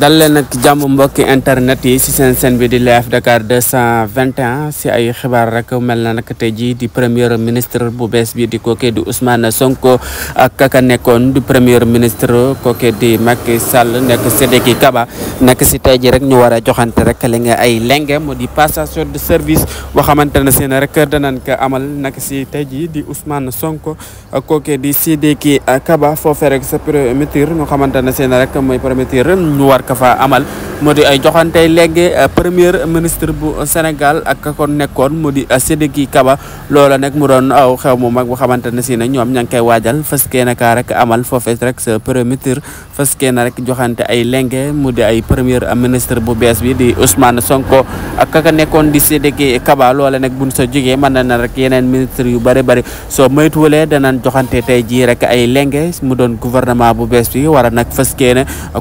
dal leen nag jàmm mbokki internet yi si sen seen bi di live Dakar 221 si ay xibaar rek mel na nag di premier ministre bu bees bi di kookee di Ousmane Sonko ak kaka di premier ministre kookee di Macky Sall Kaba nekk si tey jii rek ñu war joxante rek li nga ay lenge mu di passation de service wakaman xamante ne seen rek amal nag si di Ousmane Sonko ak kookee di Sidiki Kaba foofee rek sa premier ministre nga xamante ne rek premier ministre ñu كفا عمل moo di ay joxantey legge euh, premier ministre bu senegal ak kon nekkoon mu di euh, Sidiki Kaba loola nag mu doon aw euh, xew mu mag bu xamante si ne ñoom ña ngi koy rek amal foofee rek sa premier fas keena rek joxante ay lenge mu ay premier ministre bu bees bi di Ousmane Sonko ak kaka nekkoon di Sidiki Kaba loola nag buñ sa jógee mën na na rek yeneen ministre yu bëri bëri soo moytuwulee danañ joxante tey jii rek ay lenge mu doon gouvernement bu bees bi war a nag fas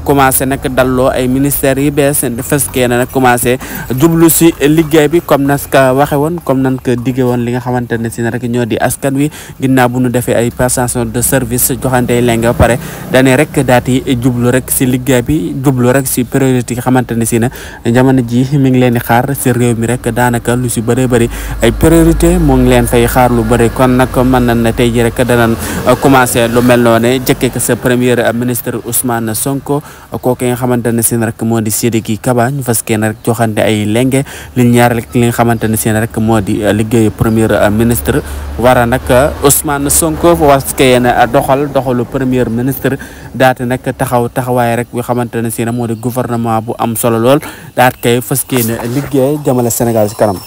commencé nag dalloo ay ministère ngi bees fas yéene nag commencé jublu si liggéey bi comme nas ka waxe woon comme nan ko digge woon li nga xamante ne si rek ñoo di askan wi ginnaaw bu nu defee ay passation de service joxante leng ba pare dane rek daati jublu rek si liggéey bi jublu rek si priorité nga xamante ne si na jamono ji mi ngi leen di xaar si réew mi rek daanaka lu si bëre bëri ay priorité moo ngi leen fay xaar lu bëri kon nag mën nañ ne tey ji rek danan commencé lu mel noone jëkkee ko sa premier ministre Ousmane Sonko kooku nga xamante ne si rek moo Sidiki Kaba ñu fas kenn rek joxante ay lenge liñ ñaar rek li nga xamante ne seen rek moo di uh, liggéey premier uh, ministre wara nag uh, Ousmane Sonko was keen doxal doxalu premier ministre daate nag taxaw taxawaay rek nga xamante ne seen moo di gouvernement bu am solo lool daat kay fas kenn liggéey jëmale Sénégal ci kanam